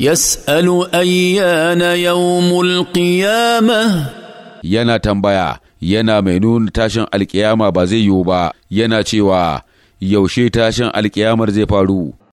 يسأل أيان يوم القيامة yana tambaya yana mai nuna tashin alkiyama ba zai yiwu ba yana cewa yaushe tashin alkiyamar zai faru